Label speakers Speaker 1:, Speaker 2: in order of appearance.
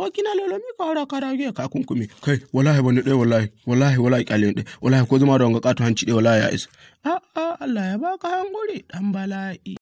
Speaker 1: ko kina mi ko hora kara ge ka
Speaker 2: kumi kai wallahi bani dai wallahi wallahi wallahi kalin dai wallahi ko zuma da wanga katu hanci dai wallahi ya isa
Speaker 1: a a Allah ya baka hankuri dan bala'i